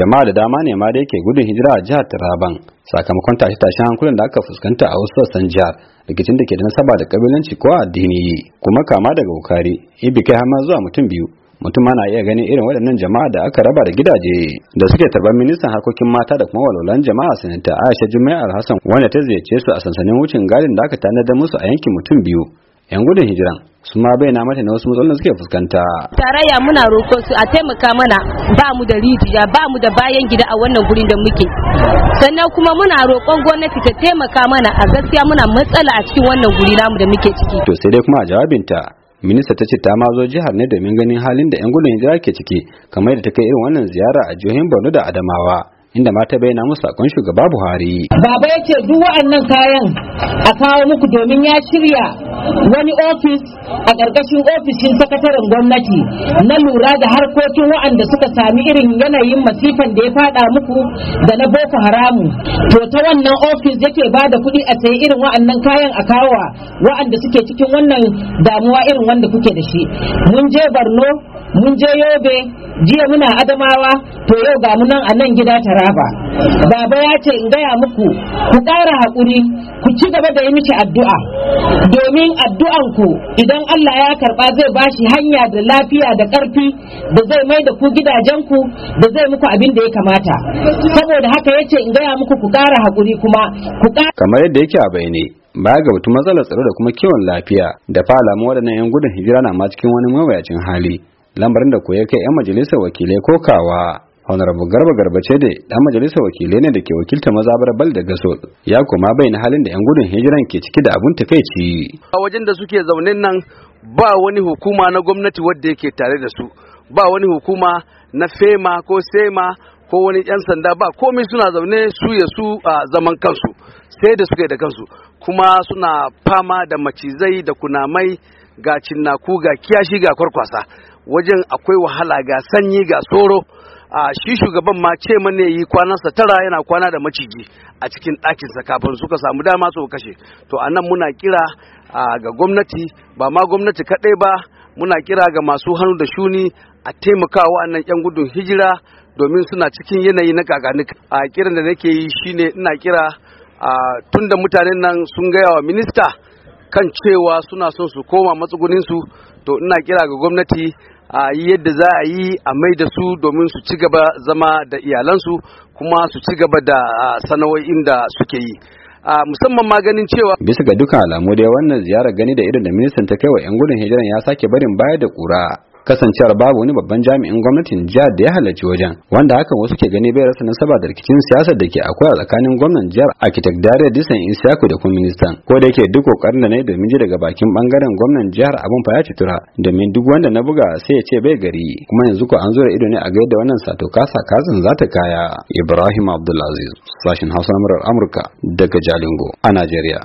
jama'a da dama ne ma da yake gudun hijira a jihar Taraban sakamakon tashe-tashen hankulan da aka fuskanta a wasu sassan jihar rikicin da ke da nasaba da kabilanci ko addini kuma kama daga wukari ibi kai har zuwa mutum biyu mutum na iya ganin irin waɗannan jama'a da aka raba da gidaje da suke tarban ministan harkokin mata da kuma walwalan jama'a sanata Aisha Jummai Alhassan wanda ta ziyarce su a sansanin wucin gadin da aka tanadar musu a yankin mutum biyu 'yan gudun hijiran su ma bayyana mata na wasu matsalolin suke fuskanta. Tarayya muna roƙo su a taimaka mana ba mu da rijiya ba mu da bayan gida a wannan gurin da muke. Sannan kuma muna roƙon gwamnati ta taimaka mana a gaskiya muna matsala a cikin wannan guri namu da muke ciki. To sai dai kuma a jawabinta minista ta ce ta ma zo jihar ne domin ganin halin da 'yan gudun hijira ke ciki kamar yadda ta kai irin wannan ziyara a jihohin Borno da Adamawa. inda mata bayyana musu sakon shugaba Buhari. Baba ya ce duk wa'annan kayan a kawo muku domin ya shirya wani ofis a ƙarƙashin ofishin sakataren gwamnati na lura da harkokin wa'anda suka sami irin yanayin masifan da ya faɗa muku da na boko haramu to ta wannan ofis yake ba da kuɗi a sayi irin wa'annan kayan a kawowa wa'anda suke cikin wannan damuwa irin wanda kuke da shi mun je borno mun je yobe jiya muna adamawa to yau ga mu nan a nan gida taraba baba ya ce in gaya muku ku ƙara haƙuri ku ci gaba da yi miki addu'a domin addu'anku idan Allah ya karba zai bashi hanya da lafiya da ƙarfi da zai mai da ku gidajenku da zai muku abin da ya kamata saboda haka ya ce in gaya muku ku ƙara hakuri kuma ku kamar yadda yake a bayyane baya ga batun matsalar tsaro da kuma kiwon lafiya da fa waɗannan 'yan gudun hijira na ma cikin wani mawuyacin hali lambarin da ku ya kai 'yan majalisar wakilai ko kawa. honorable garba garba ce da dan majalisar wakilai ne da ke wakilta mazabar bal da gaso ya kuma bayyana halin da yan gudun hijiran ke ciki da abun tafaici a wajen da suke zaune nan ba wani hukuma na gwamnati wadda yake tare da su ba wani hukuma na fema ko sema ko wani yan sanda ba komai suna zaune su ya su a zaman kansu sai da suke da kansu kuma suna fama da macizai da kunamai ga cinnaku ga kiyashi ga kwarkwasa wajen akwai wahala ga sanyi ga tsoro a shi shugaban ma ce mane yi kwanansa tara yana kwana da maciji a cikin ɗakinsa kafin suka samu dama su kashe to a nan muna kira ga gwamnati ba ma gwamnati kaɗai ba muna kira ga masu hannu da shuni a taimakawa wa'annan 'yan gudun hijira domin suna cikin yanayi na kakanika a kiran da nake yi shine ina kira tun da mutanen nan sun gaya wa minista kan cewa suna son su koma matsuguninsu to ina kira ga gwamnati a yi yadda za a yi a mai da su domin su ci gaba zama da iyalansu kuma su ci gaba da sana'o'in da suke yi a musamman ma cewa bisa ga dukkan alamu dai wannan ziyarar gani da irin da ministan ta kai wa 'yan gudun hijiran ya sake barin baya da kura kasancewar babu wani babban jami'in gwamnatin jihar da ya halarci wajen wanda hakan wasu ke gani bai rasa nasaba da rikicin siyasar da ke akwai a tsakanin gwamnan jihar Akitek Dare Disan Isiaku da kuma ministan ko da yake duk kokarin da na yi domin ji daga bakin bangaren gwamnan jihar abun fa ya tura domin duk wanda na buga sai ya ce bai gari kuma yanzu ko an zo da ido ne a ga yadda wannan sato kasa kazin za ta kaya Ibrahim Abdulaziz sashin Hausa na Amurka daga Jalingo a Najeriya